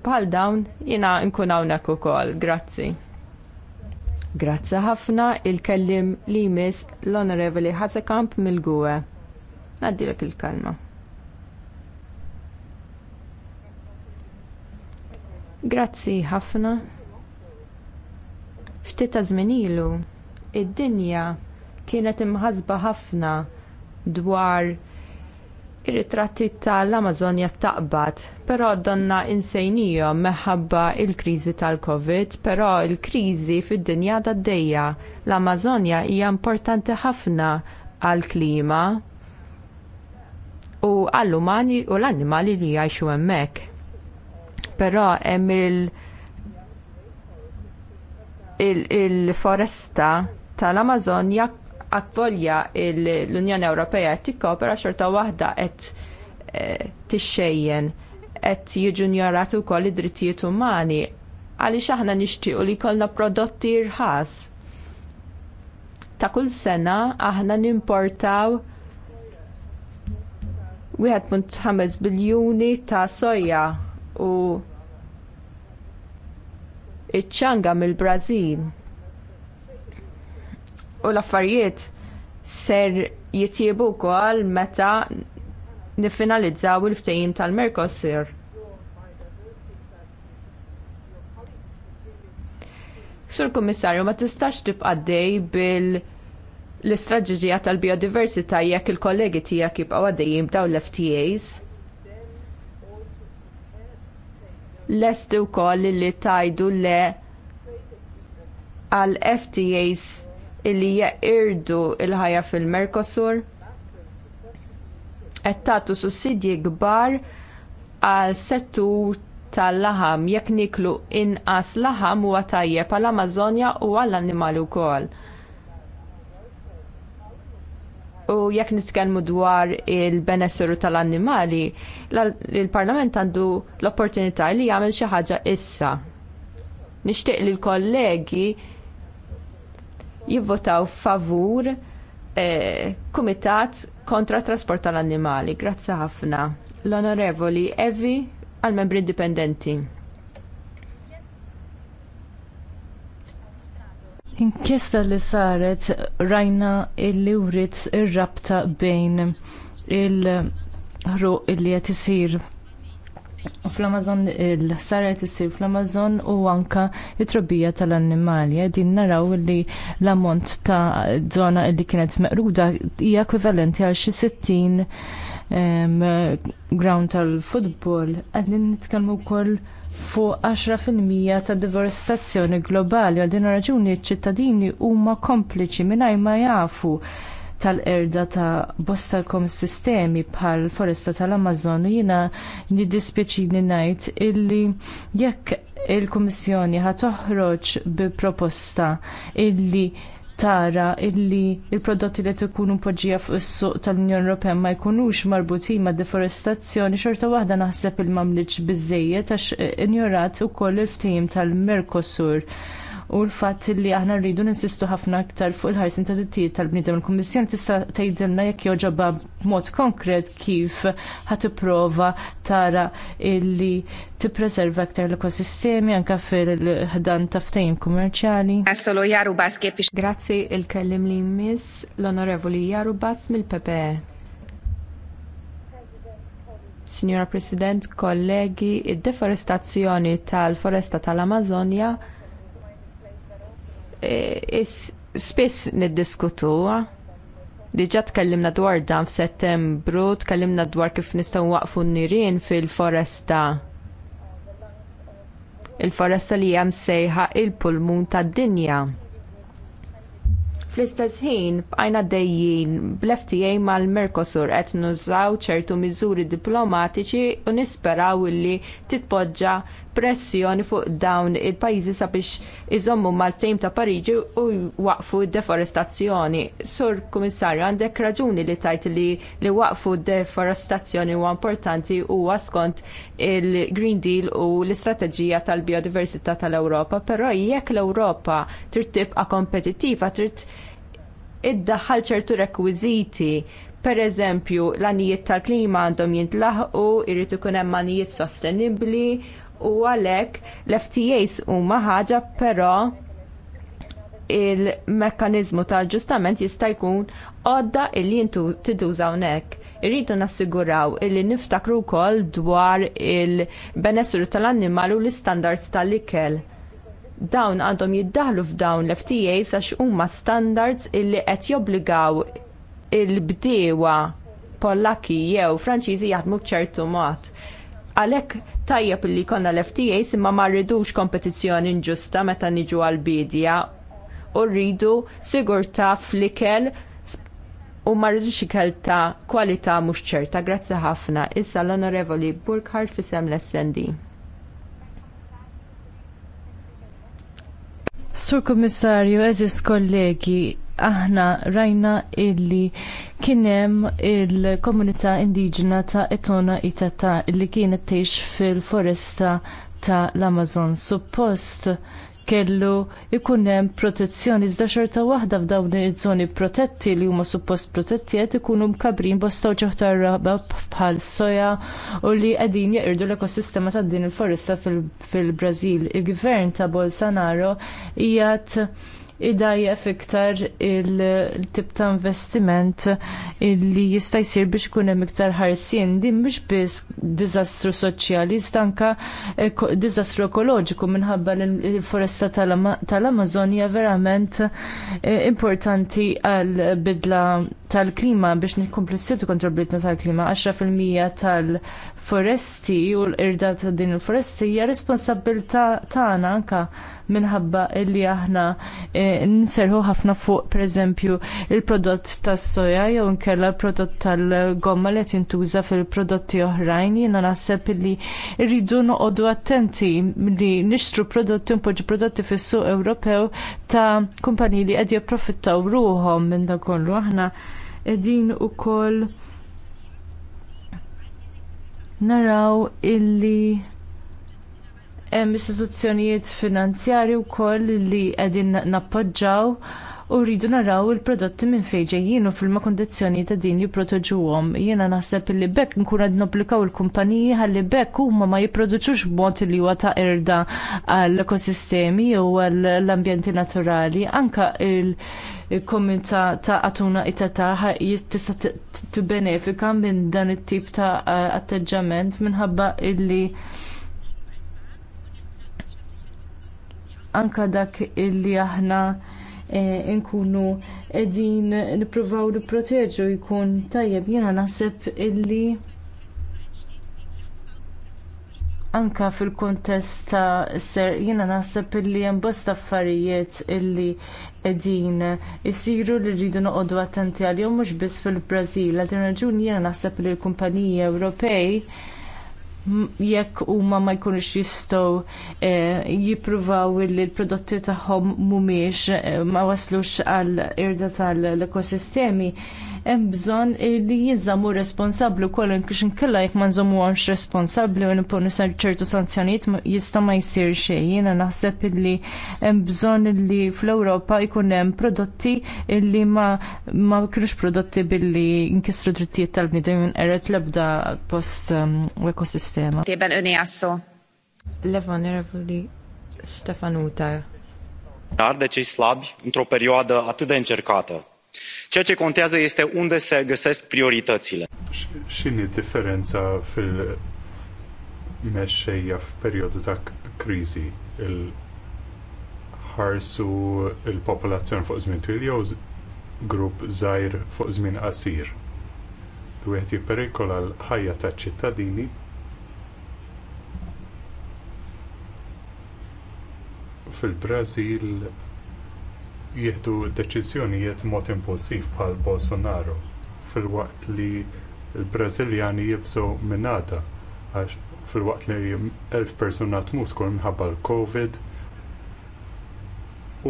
bħal dawn jiena nkun hawnhekk ukoll. Grazzi. Grazzi ħafna il-kellim li jmiss l-Onorevoli Ħasekamp mill-Gwe. Naddilek il-kalma. Grazzi ħafna. Ftit ta' żmien ilu, id-dinja kienet imħasba ħafna dwar ir-ritratti tal-Amazonja taqbad, però donna insejnijom meħabba il-kriżi tal-Covid, però il-kriżi fid-dinja għaddejja. L-Amazonja hija importanti ħafna għall-klima u għall-umani u l-annimali li jgħixu hemmhekk però hemm il- il-foresta tal-Amazonja akkolja l-Unjoni Ewropea qed tikkopera xorta waħda qed eh, tixxejjen qed jiġunjorat ukoll id-drittijiet umani għaliex aħna nixtiequ li jkollna prodotti irħas. Ta' kull sena aħna nimportaw 1.5 biljuni ta' soja u iċ-ċanga mill-Brażil. U l-affarijiet ser jitjiebu wkoll meta niffinalizzaw il-ftehim tal-Mercosur. Sur Kummissarju, ma tistax tibqa' bil- l-istraġġija tal-biodiversità jekk il-kollegi tiegħek jibqgħu għaddejjin b'dawn l-FTAs. lesti wkoll li tajdu le għal FTAs illi jeqirdu l ħajja fil-Mercosur? Qed tagħtu sussidji kbar għal settur tal-laħam jekk niklu inqas laħam huwa tajjeb għall-Amazonja u għall-annimali wkoll. U jekk nitkellmu dwar il-benessru tal-annimali, il-Parlament għandu l-opportunità li jagħmel xi ħaġa issa. Nixtieq li l-kollegi jivvotaw favur eh, kumitat kontra trasport tal-annimali. Grazzi ħafna. L-Onorevoli Evi għal-Membri Indipendenti. Inkjesta li saret rajna illi writ ir-rabta bejn il-ħruq illi qed isir fl-Amazon il-sara qed isir fl-Amazon u anke t trobbija tal-annimali din naraw li l-ammont ta' żona li kienet meqruda hija ekwivalenti għal xi 60 ground tal-futbol, għadin nitkellmu wkoll fuq 10% ta' deforestazzjoni globali għal din raġuni ċ-ċittadini huma kompliċi mingħajr ma jafu tal-erda ta' bosta ekosistemi bħal foresta tal-Amazon jiena niddispjaċini ngħid illi jekk il-Kummissjoni ħa toħroġ bi proposta illi tara illi il-prodotti li tkunu poġġija fuq is-suq tal-Unjoni Ewropea ma jkunux marbutin ma' deforestazzjoni xorta waħda naħseb il-mamliċ biżejjed għax injorat ukoll il-ftehim tal-Mercosur u l-fatt li aħna rridu ninsistu ħafna aktar fuq il-ħarsin ta' dittijiet tal-bniedem. Il-Kummissjoni tista' tgħidilna jekk joġobha b'mod konkret kif ħat tipprova tara illi tippreserva aktar l-ekosistemi anke fil-ħdan ta' ftehim kummerċjali. Assolo Jarubas kif Grazzi il-kellim li miss l-Onorevoli Jarubas mill-PPE. Signora President, kollegi, id-deforestazzjoni tal-foresta tal-Amazonja Eh, spiss niddiskutuha. Diġà tkellimna dwar dan f'Settembru, tkellimna dwar kif nistgħu waqfu n-nirien fil-foresta. Il-foresta li hemm sejħa il-pulmun tad-dinja. Fl-istess ħin bqajna dejjin bl-FTA mal-Mercosur qed nużaw ċertu miżuri diplomatiċi u nisperaw illi titpoġġa pressjoni fuq dawn il-pajjiżi sabiex iżommu mal-ftejm ta' Pariġi u waqfu d-deforestazzjoni. Sur Kummissarju, għandek raġuni li tajt li li waqfu d-deforestazzjoni huwa importanti huwa skont il-Green Deal u l-istrateġija tal-biodiversità tal-Ewropa, però jekk l-Ewropa trid tibqa' kompetittiva trid iddaħħal ċertu rekwiżiti pereżempju l-anijiet tal-klima għandhom jintlaħqu, jrid ikun hemm anijiet sostenibbli u għalhekk l-FTAs huma ħaġa però il mekkaniżmu tal-ġustament jista' jkun għodda illi jintu tiduża hawnhekk. Irridu nassiguraw illi niftakru wkoll dwar il-benessru tal-annimal u l-istandards tal-ikel. Dawn għandhom jiddaħlu f'dawn l-FTAs għax huma standards illi qed jobbligaw il-bdiewa Pollakki jew Franċiżi jaħdmu b'ċertu mod. Għalhekk tajjeb li konna l-FTA imma ma rridux kompetizzjoni inġusta meta niġu għal-bidja u rridu sigurtà fl-ikel u ma rridux ikel ta' kwalità mhux ċerta. Grazzi ħafna. Issa l-Onorevoli Burkhardt fisem l-SND. Sur Kummissarju, eżis kollegi, aħna rajna illi kienem il-komunità indiġena ta' Etona Itata illi kienet teħx fil-foresta ta' l-Amazon. Suppost kellu ikun hemm protezzjoni iżda xorta waħda f'dawn il żoni protetti li huma suppost protetti qed ikunu mkabrin bosta ġoħta raba bħal soja u li qegħdin jeqirdu l-ekosistema ta' din il-foresta fil-Brażil. Il-gvern ta' Bolsonaro qiegħed idajjef iktar il-tip ta' investiment li jista' jsir biex ikun hemm iktar ħarsien din mhux biss diżastru soċjali iżda anke diżastru ekoloġiku minħabba l foresta tal-Amazonja verament eh, importanti għall bidla tal-klima biex nikomplu s-situ kontra blitna tal-klima, 10% tal-foresti u l-irda ta' din il-foresti hija responsabilta tagħna anka minħabba illi aħna eh, nserħu ħafna fuq pereżempju il-prodott tas soja jew nkella l-prodott tal-gomma li qed jintuża fil-prodotti oħrajn jiena naħseb illi rridu noqogħdu attenti li nixtru prodotti npoġġu prodotti fis-suq Ewropew ta' kumpaniji li qed jipprofittaw ruhom minn dak kollu aħna qegħdin ukoll naraw illi hemm istituzzjonijiet finanzjarji wkoll li qegħdin nappoġġaw u rridu naraw il-prodotti minn fejn ġejjin u fil-ma kondizzjoni ta' din jipproteġuhom. Jiena naħseb li bekk nkun qed nobblikaw il-kumpaniji ħalli bekk huma ma jipproduċux b'mod li huwa ta' irda għall ekosistemi jew għall-ambjenti naturali. Anka il- il-komunità ta' Atuna Itata t-benefika minn dan it-tip ta' atteġġament minħabba illi anka dak illi aħna e, nkunu qegħdin nippruvaw nipproteġu jkun tajjeb jiena naħseb illi anka fil-kuntest ta' ser jiena naħseb illi hemm bosta affarijiet illi qegħdin isiru li rridu noqogħdu attenti għalihom mhux biss fil-Brażil. Għal din raġuni jiena naħseb li l-kumpaniji Ewropej jekk huma ma jkunux jistgħu eh, jippruvaw li l-prodotti tagħhom mhumiex eh, ma waslux għall irda tal-ekosistemi, hemm bżonn li jinżammu responsabbli wkoll kiex inkella jekk ma nżommuhomx responsabbli u nipponu ċertu sanzjonijiet jista' ma jsir xejn. Jiena naħseb illi hemm bżonn li fl-Ewropa jkun hemm prodotti li ma, ma kienux prodotti billi nkissru drittijiet tal-bniedem jinqeret l-ebda post u um, ekosistema. Tieben uni jassu. Levan li Stefanuta. Dar de cei slabi într-o Ceea ce contează este unde se găsesc prioritățile. X'inhi differenza fil-mexxejja f'perjodu ta' kriżi il-ħarsu il-popolazzjoni fuq żmien twil grupp żgħir fuq żmien qasir. Wieħed jipperikola l-ħajja taċ-ċittadini fil-Brażil jieħdu deċiżjonijiet mod impulsiv bħal Bolsonaro filwaqt li l-Brażiljani jibżgħu minnata għax filwaqt li elf persuna tmut kull minħabba l-Covid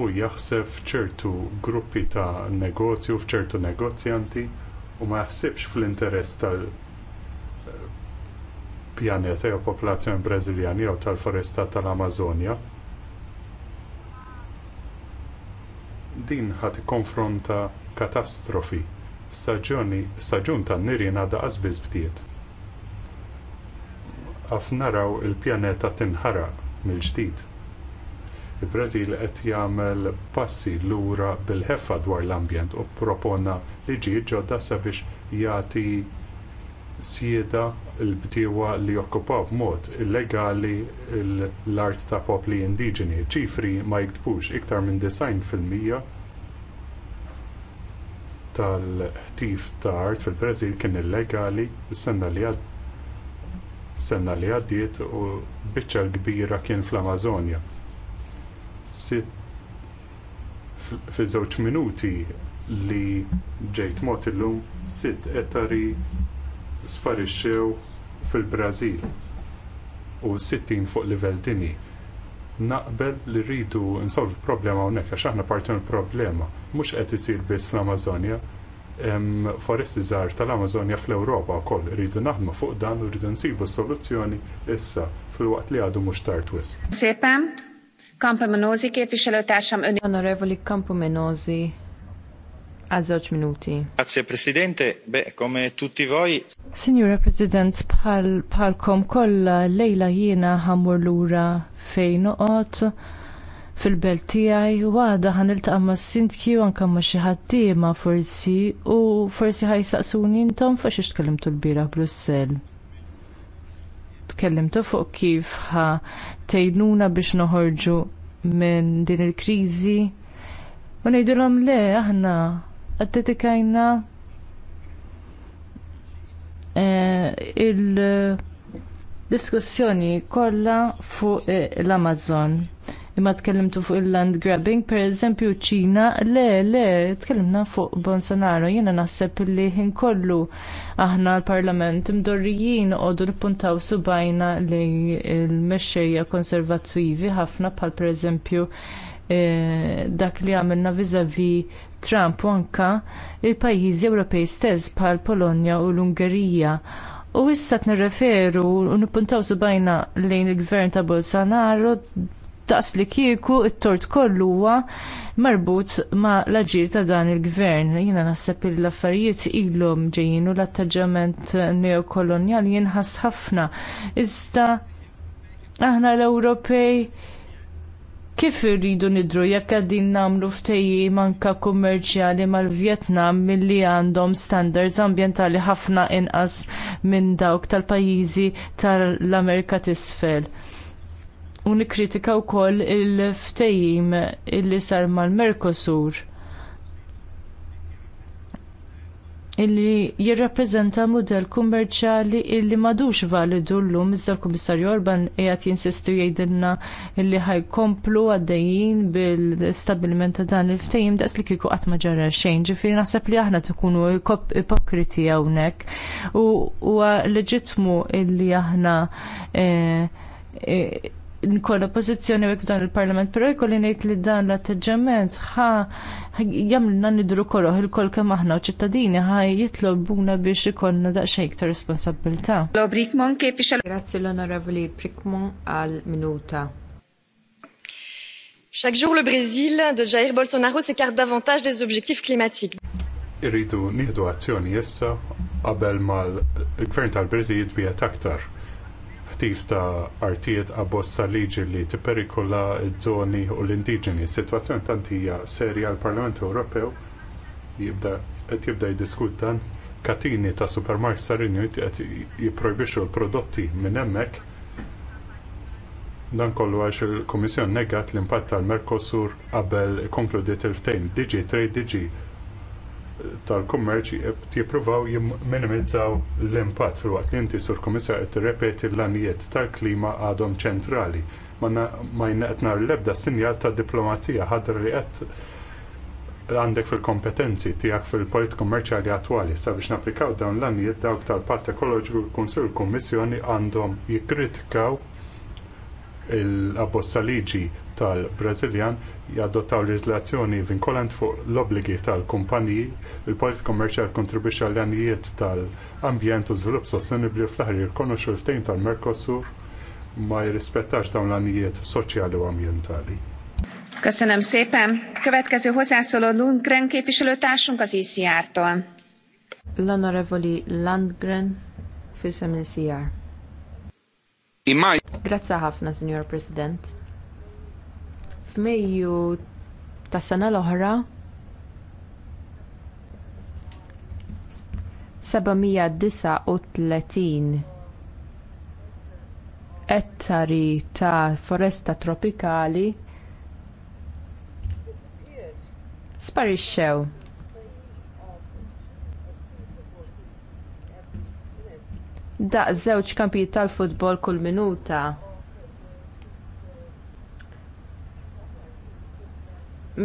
u jaħseb f'ċertu gruppi ta' negozju, f'ċertu negozjanti u ma jaħsibx fl-interess tal- eh, pjaneta jew popolazzjoni Brażiljani jew tal-foresta tal-Amazonja din ħat konfronta katastrofi. Staġuni, staġun tan nirien għadha qasbiż bdiet. Għaf naraw il-pjaneta tinħaraq mill-ġdid. Il-Brażil qed jagħmel passi lura bil-ħeffa dwar l-ambjent u proponna liġijiet ġodda sabiex jagħti sieda l-bdiewa li jokkupaw b'mod illegali l-art ta' popli indiġeni. Ċifri ma jiktbux iktar minn 90% fil-mija tal-ħtif ta' art fil-Brażil kien illegali s-sena li senna li għaddiet u biċċa kbira kien fl-Amazonja. Fi żewġ minuti li ġejt mot illum sitt etari sparixxew fil-Brażil u 60 fuq livell dinji. Naqbel li rridu nsolvu problema hawnhekk għax aħna parti mill-problema mhux qed isir biss fl-Amazonja, hemm foresti żgħar tal-Amazonja fl-Ewropa wkoll rridu naħdmu fuq dan u rridu nsibu soluzzjoni issa fil-waqt li għadu mhux tard wisq. Sepem, Kampa Menozi kif ixelutaxam Onorevoli Kampa żewġ minuti. Grazie Presidente, beh, come tutti voi. Signora President, pal, kollha kolla lejla jiena ħammur lura fejn noqgħod fil-belt tiegħi u għada ħan iltaqa' ma' sintki u anke ma' xi ħaddiema forsi u forsi ħajsaqsuni intom fuq xi tkellimtu l-bira Brussell. Tkellimtu fuq kif ħa tgħinuna biex noħorġu minn din il-kriżi u ngħidulhom le aħna għaddedikajna eh, il-diskussjoni kollha fuq eh, l-Amazon. Imma tkellimtu fuq il-land grabbing, per eżempju ċina, le, le, tkellimna fuq Bonsonaro, jiena naħseb li ħin kollu aħna l-parlament mdorrijin għodu nippuntaw subajna li l-mexxejja konservattivi ħafna bħal per eżempju eh, dak li għamilna vizavi Trump u anka il-pajjiżi Ewropej stess bħal Polonja u l-Ungerija. U issa t-nirreferu u nippuntaw subajna lejn il-gvern ta' Bolsonaro daqs li kieku t tort kollu huwa marbut ma l-aġir ta' dan il-gvern. Jiena naħseb li l-affarijiet ilhom ġejjin u l-attaġġament neokolonjali jinħas ħafna. Iżda aħna l-Ewropej Kif irridu nidru jekk għaddin namlu ftejji manka kummerċjali mal-Vjetnam milli għandhom standards ambjentali ħafna inqas minn dawk tal-pajjiżi tal-Amerika t'isfel. U nikkritika wkoll il-ftejjim illi sar mal-Mercosur. illi jirrappreżenta mudell kummerċjali illi m'għadux validu llum iżda l-Kummissarju Orban qiegħed jinsisti jgħidilna illi ħajkomplu għaddejjin bil-stabbiliment ta' dan il-ftehim daqs li kieku qatt ma ġara xejn. Ġifieri naħseb li aħna tkunu ipokriti hawnhekk u huwa leġitmu illi aħna eh, eh, Nkoll pożizzjoni għek f'dan il-parlament, però jkolli ngħid li dan l-atteġġament ħa jamlina nidru koroħ il-kol kemm aħna u ċittadini ħa jitlobuna biex ikollna daqsxejn iktar responsabilità. Lobrikmon kif Grazzi l-Onorevoli Prikmon għal minuta. Chaque jour, le Brésil de Jair Bolsonaro s'écarte davantage des objectifs climatiques. Irridu nieħdu azzjoni issa qabel mal-gvern tal-Brésil jitbiet aktar ħtif ta' artijiet abbozz ta' liġi li tipperikola ż-żoni u l-indiġeni. Sitwazzjoni tant hija serja l-Parlament Ewropew qed jibda jiddiskutan katini ta' supermarket sarinjut qed jipprojbixxu l-prodotti minn hemmhekk dan kollu għax il kummissjoni negat l-impatt tal-Mercosur qabel konkludiet il-ftejn. Diġi, trade diġi, tal-kummerċ jippruvaw jimminimizzaw l-impatt filwaqt li inti sur komissar qed tirrepeti l-anijiet tal-klima għadhom ċentrali. Ma jnaqt nhar l-ebda sinjal ta' diplomazija ħadra li qed għandek fil-kompetenzi tiegħek fil-polit kummerċjali attwali sabiex napplikaw dawn l-anijiet dawk tal-patt ekoloġiku l-Kunsill kummissjoni għandhom jikkritikaw il-abbozza liġi tal-Braziljan jadottaw leġislazzjoni vinkolant fuq l obbligi tal-kumpaniji, il-politika kommerċjal kontribwixxi għall għanijiet tal-ambjent u żvilupp sostenibbli fl-aħħar jirkonoxxu l-ftehim tal-Merkosur ma jirrispettax dawn l-għanijiet soċjali u ambjentali. Köszönöm szépen. Következő hozzászóló Lundgren képviselőtársunk az ICR-tól. L'onorevoli Landgren, fissem l-ICR. Grazie ħafna, Signor President f'Mejju tas-sena l-oħra 739 ettari ta' foresta tropikali sparixxew. Daq żewġ kampijiet tal-futbol kull minuta.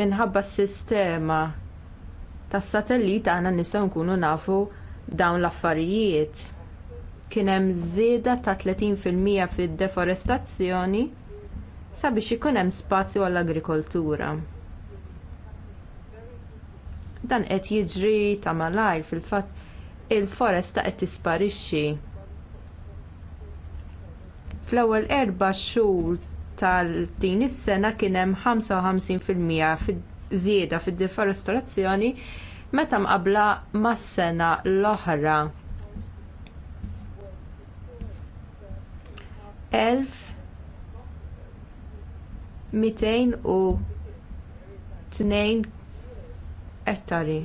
minħabba s-sistema tas-satellit għandna nistgħu nkunu nafu dawn l-affarijiet. Kien hemm żieda ta' 30% fid-deforestazzjoni sabiex ikun hemm spazju għall-agrikoltura. Dan qed jiġri ta' malajr fil-fatt il-foresta qed tisparixxi. Fl-ewwel erba' xhur tal-din is-sena kien hemm 55% żieda fid-deforestazzjoni meta mqabbla mas-sena l-oħra. 1202 ettari.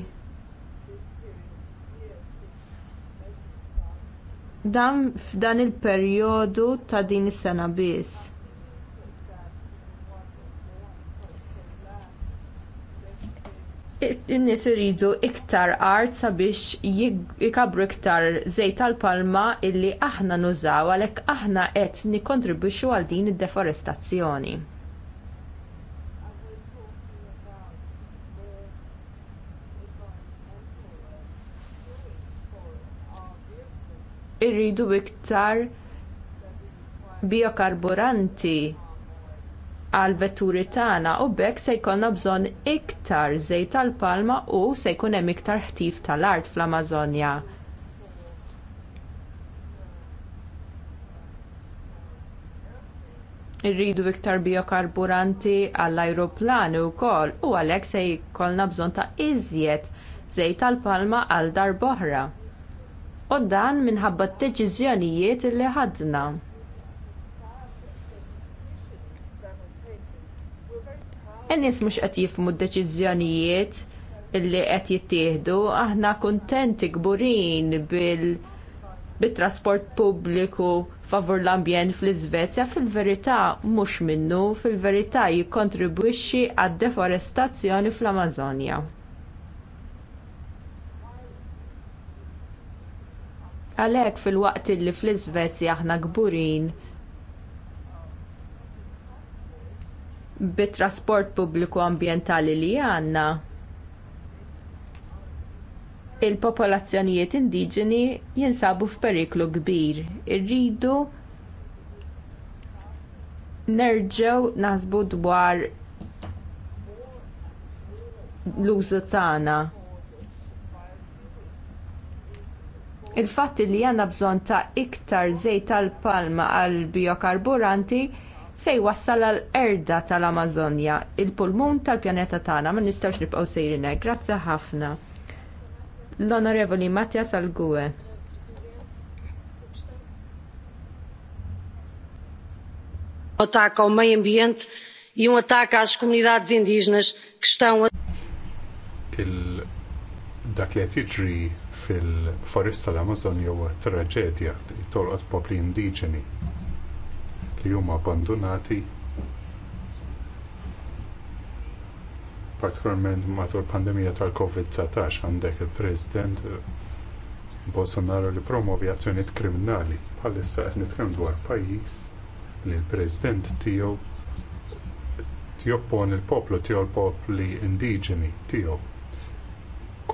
Dan f'dan il-perjodu ta' din is-sena biss. in-nies iridu iktar art sabiex jikabru iktar żejt tal-palma illi aħna nużaw għalhekk aħna qed nikkontribwixxu għal din id-deforestazzjoni. Irridu iktar biokarburanti għal vetturi tagħna u bekk se jkollna bżonn iktar żejt tal-palma u se jkun hemm iktar ħtif tal-art fl-Amazonja. Irridu iktar biokarburanti għall-ajruplani wkoll u għalhekk se jkollna bżonn ta' iżjed żejt tal-palma għal darb'oħra. U dan minħabba d deċiżjonijiet li ħadna. n-nies mhux qed jifhmu d-deċiżjonijiet illi qed jittieħdu, aħna kuntenti kburin bil bit-trasport pubbliku favur l-ambjent fl-Iżvezja fil-verità mhux minnu, fil-verità jikkontribwixxi għad deforestazzjoni fl-Amazonja. Għalhekk fil-waqt illi fl-Iżvezja aħna kburin bit-trasport pubbliku ambjentali li għandna il-popolazzjonijiet indiġeni jinsabu f'periklu kbir. Irridu nerġgħu naħsbu dwar l-użu tagħna. Il-fatt li għandna bżonn ta' iktar żejt tal-palma għall biokarburanti se jwassal għal erda tal-Amazonja, il-pulmun tal-pjaneta tagħna ma nistgħux nibqgħu sejrin hekk. Grazzi ħafna. L-Onorevoli Mattia Salgue. Um Ataca ao meio ambiente e um ataque às comunidades indígenas que estão a... Il dak li qed jiġri fil-foresta l-Amazonja huwa traġedja li tolqot popli indiġeni li huma abbandunati partikolarment matul pandemija tal-COVID-19 għandek il-President Bolsonaro li promovi azzjonijiet kriminali bħalissa qed nitkellem dwar pajjiż li l-President tiegħu joppon il-poplu tiegħu l-popli indiġeni tiegħu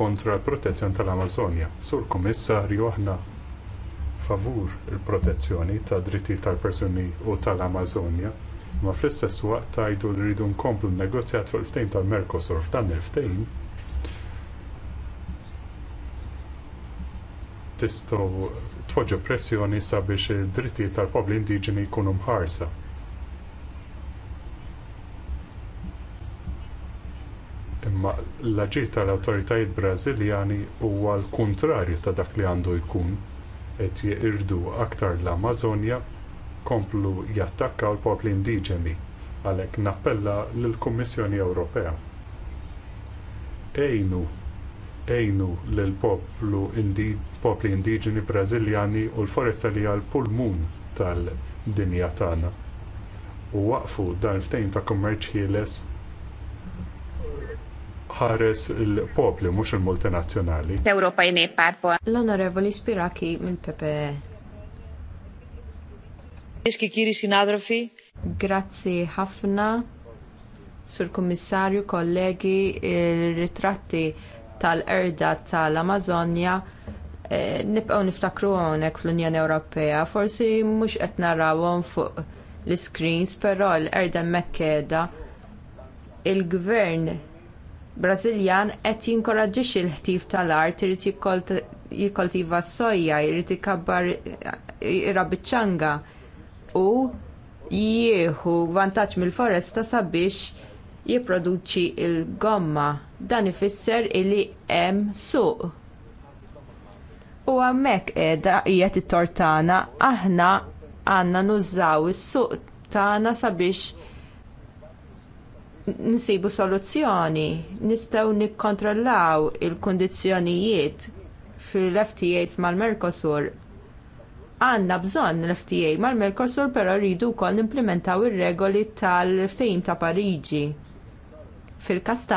kontra l-protezzjoni tal-Amazonja. Sur Kummissarju aħna favur il-protezzjoni tad drittijiet tal-persuni u tal-Amazonja, ma fl-istess waqt tgħidu li rridu nkomplu negozjat fuq il-ftejn tal-Mercosur f'dan il-ftejn. Tistgħu tpoġġu pressjoni sabiex id-drittijiet tal-popli indiġeni jkunu mħarsa. imma l-aġir tal-awtoritajiet Brażiljani huwa l-kuntrarju ta' dak li għandu jkun qed jirdu aktar l-Amazonja komplu jattakkaw l-popli indiġeni għalhekk nappella lill-Kummissjoni Ewropea. Ejnu ejnu lill poplu indi, popli indiġeni Brażiljani u l-foresta li għal pulmun tal-dinja tagħna u waqfu dan ftehim ta' kummerċ ħieles ħares il-popli, mhux il-multinazzjonali. Ewropa jnej parpo. L-onorevoli Spiraki mill-PPE. Iski kiri sinadrofi? Grazzi ħafna, Sur Kommissarju, kollegi, il-ritratti tal-erda tal-Amazonja eh, nibqgħu niftakru għonek fl-Unjoni Ewropea, forsi mhux qed narawhom fuq l iscreens però l-erda mekkeda il-gvern Brażiljan qed jinkoraġġixxi l-ħtif tal-art irid jikkoltiva s-sojja, irid ikabbar irabiċċanga u jieħu vantaġġ mill-foresta sabiex jipproduċi l gomma Dan ifisser li hemm suq. U hemmhekk qiegħda qiegħed it-tortana aħna għandna nużaw is-suq tagħna sabiex nsibu soluzzjoni, nistgħu nikkontrollaw il kundizzjonijiet fil-FTAs mal-Mercosur. Għanna bżonn l-FTA mal-Mercosur però rridu wkoll nimplementaw ir-regoli tal-ftehim ta' Parigi. fil kastan